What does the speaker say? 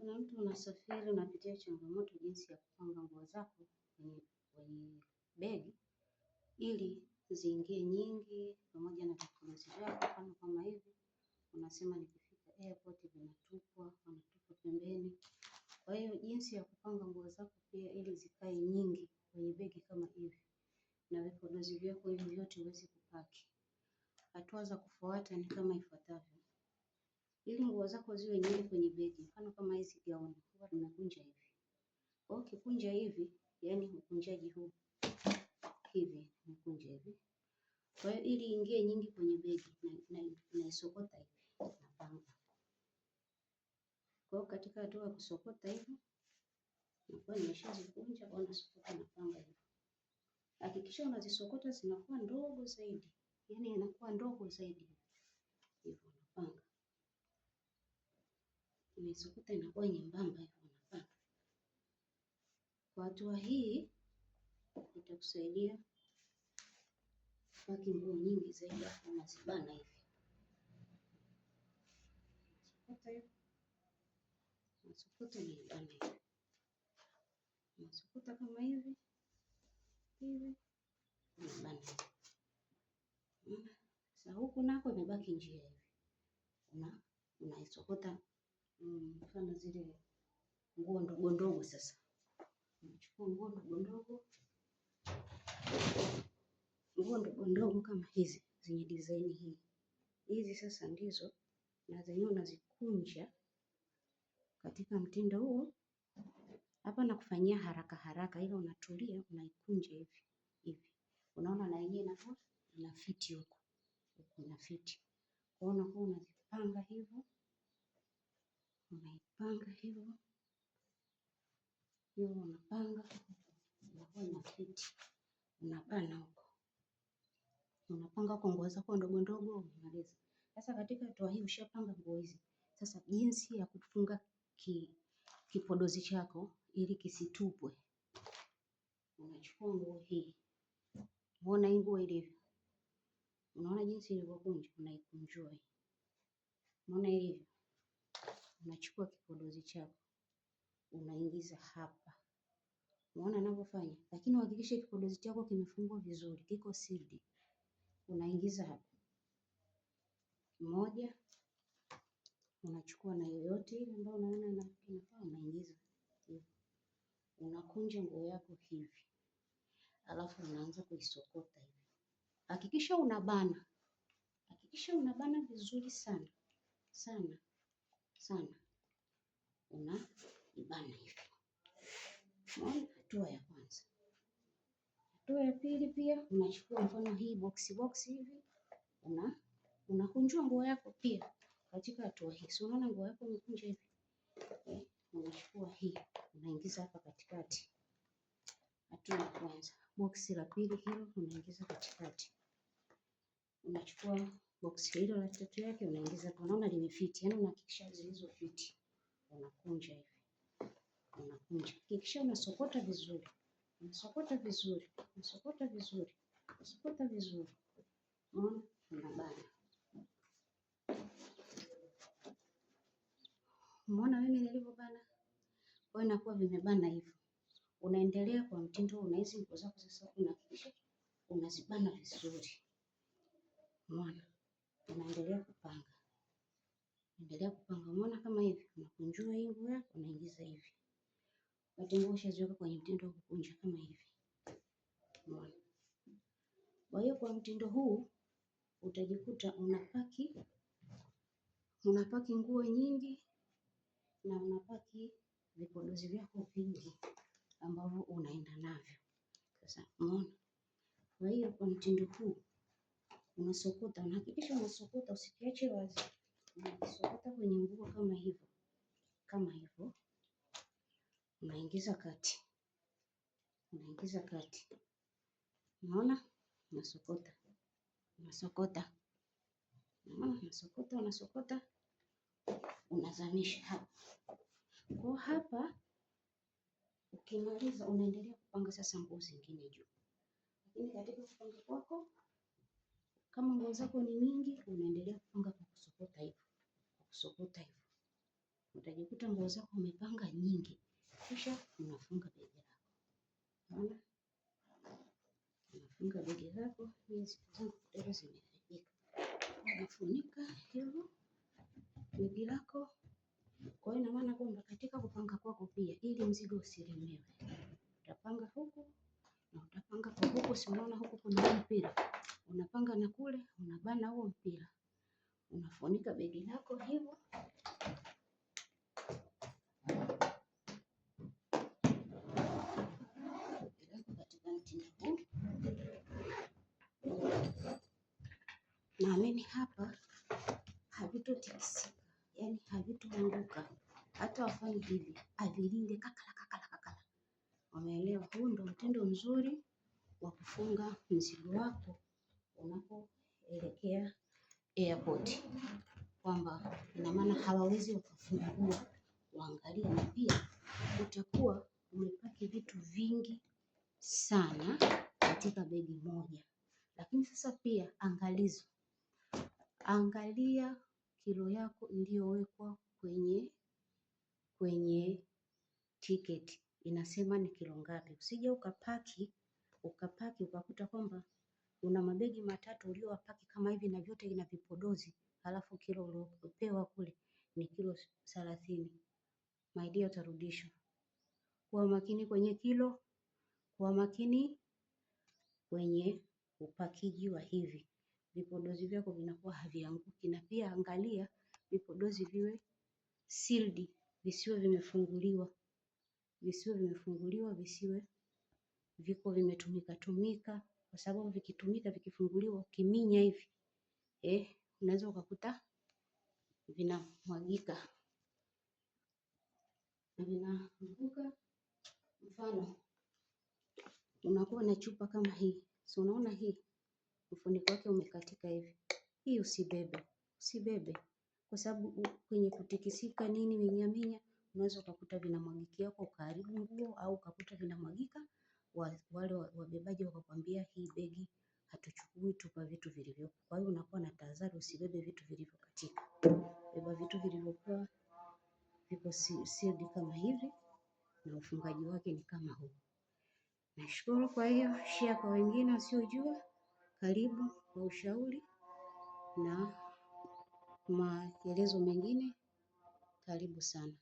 Kuna mtu unasafiri unapitia changamoto jinsi ya kupanga nguo zako kwenye begi ili ziingie nyingi pamoja na vifurushi vyako mfano kama hivi unasema nikifika airport vinatupwa, wanatupa pembeni. Kwa hiyo jinsi ya kupanga nguo zako pia ili zikae nyingi kwenye begi kama hivi na vipodozi vyako hivi vyote uweze kupaki. Hatua za kufuata ni kama ifuatavyo ili nguo zako ziwe nyingi kwenye begi, mfano kama hizi gauni huwa tunakunja hivi. Kwa hiyo ukikunja hivi, yani ukunjaji huu hivi, unakunja hivi. Kwa hiyo ili ingie nyingi kwenye begi, naisokota na, na hivi napanga. Kwa hiyo katika hatua ya kusokota hivi, nakuwa nimeshazikunja au nasokota, napanga hivi. Hakikisha unazisokota zinakuwa ndogo zaidi, Yaani inakuwa ndogo zaidi inaisokota inakuwa nyembamba inafaa. Kwa hatua hii itakusaidia kupaki nguo nyingi zaidi, afu unazibana hivi unasokota unaibana hivi, unasokota kama hivi hivi, unaibana hivi. Sasa huku nako imebaki njia hivi, unaisokota Mm, zile nguo ndogo ndogo. Sasa nachukua nguo ndogo ndogo, nguo ndogo ndogo kama hizi zenye design hii, hizi sasa ndizo na zenyewe unazikunja katika mtindo huo. Hapa na kufanyia haraka haraka, ila unatulia, unaikunja hivi hivi, unaona, na yenyewe inakuwa inafiti huko, inafiti. Kwa unakuwa unazipanga hivyo unaipanga hivyo hivyo, unapanga unakuwa na fiti, unapana huko, unapanga kwa nguo zako ndogo ndogo, unamaliza. Sasa katika hatua hii ushapanga nguo hizi, sasa jinsi ya kufunga ki, kipodozi chako ili kisitupwe, unachukua nguo hii, unaona hii nguo ilivyo, unaona jinsi ilivyokunja, unaikunjua, unaona ilivyo Unachukua kipodozi chako unaingiza hapa, unaona anavyofanya, lakini uhakikishe kipodozi chako kimefungwa vizuri, kiko sealed. Unaingiza hapa moja, unachukua na yoyote ile ambayo unaona inafaa, unaingiza unakunja nguo yako hivi, alafu unaanza kuisokota hivi. Hakikisha unabana, hakikisha unabana vizuri sana sana sana, unaibana hivyo. Unaona hatua ya kwanza. Hatua ya pili pia unachukua mfano hii boksi boksi hivi una unakunjua nguo yako pia katika hatua hii. So unaona nguo yako imekunja hivi. Eh, unachukua hii unaingiza hapa katikati. Hatua ya kwanza. Boksi la pili hilo unaingiza katikati. Unachukua boksi hilo la tatu yake unaingiza, unaona limefiti, yani unahakikisha zilizofiti, unakunja hivi, unakunja, hakikisha unasokota vizuri, unasokota vizuri, unasokota vizuri, unasokota vizuri, unaona unabana. Umeona mimi nilivyobana? Kwa hiyo inakuwa vimebana hivyo, unaendelea kwa mtindo huu, na hizi nguo zako sasa unahakikisha unazibana vizuri, umeona? unaendelea kupanga, endelea kupanga. Umeona kama hivi, unakunjua hivi yako, unaingiza hivi. Wakati nguo ushaziweka kwenye mtindo wa kukunja kama hivi, umeona. Kwa hiyo kwa mtindo huu utajikuta unapaki unapaki nguo nyingi na unapaki vipodozi vyako vingi ambavyo unaenda navyo. Sasa umeona, kwa hiyo kwa mtindo huu unasokota, unahakikisha unasokota, usikiache wazi. Unasokota kwenye nguo kama hivyo, kama hivyo, unaingiza kati, unaingiza kati, unaona, unasokota, unasokota, unaona, unasokota, unasokota, unazamisha hapa. Kwa hapa ukimaliza, unaendelea kupanga sasa nguo zingine juu, lakini katika kupanga kwako kama nguo zako ni nyingi, unaendelea kupanga kwa kusokota hivyo, kwa kusokota hivyo, utajikuta nguo zako umepanga nyingi, kisha unafunga begi lako. Unaona, unafunga begi lako. Hizi zipu zangu kidogo zimeharibika, unafunika hivyo begi lako. Kwa hiyo ina maana kwamba katika kupanga kwako pia, ili mzigo usilemewe, utapanga huku na utapanga kwa huku, si unaona huku kuna mpira, unapanga na kule unabana huo mpira, unafunika begi lako hivyo Naamini hapa havitotikisika, yani havitoanguka, hata wafanye hivi avilinde kakala kakala kakala. Wameelewa? Huu ndo mtindo mzuri wa kufunga mzigo wako unapoelekea airport, kwamba ina maana hawawezi wakafungua waangalie, na pia utakuwa umepaki vitu vingi sana katika begi moja. Lakini sasa pia angalizo, angalia kilo yako iliyowekwa kwenye kwenye tiketi inasema ni kilo ngapi, usije ukapaki ukapaki ukakuta kwamba una mabegi matatu uliyowapaki kama hivi na vyote vina vipodozi, halafu kilo uliopewa kule ni kilo thelathini, maidia utarudishwa. Kuwa makini kwenye kilo, kuwa makini kwenye upakiji wa hivi vipodozi vyako vinakuwa havianguki, na pia angalia vipodozi viwe sealed, visiwe vimefunguliwa, visiwe vimefunguliwa, visiwe viko vimetumika tumika, kwa sababu vikitumika vikifunguliwa kiminya hivi eh, unaweza ukakuta vinamwagika na vinaanguka. Mfano, unakuwa na chupa kama hii, si unaona hii mfuniko wake umekatika hivi, hii usibebe, usibebe kwa sababu kwenye kutikisika nini minyaminya, unaweza ukakuta vinamwagikia kwa ukaribu nguo au ukakuta vinamwagika wale wabebaji wakakwambia hii begi hatuchukui, tupa vitu vilivyopo. Kwa hiyo unakuwa na tahadhari, usibebe vitu vilivyokatika, beba vitu vilivyokuwa viko sealed kama hivi, na ufungaji wake ni kama huu. Nashukuru. Kwa hiyo share kwa wengine wasiojua. Karibu kwa ushauri na maelezo mengine, karibu sana.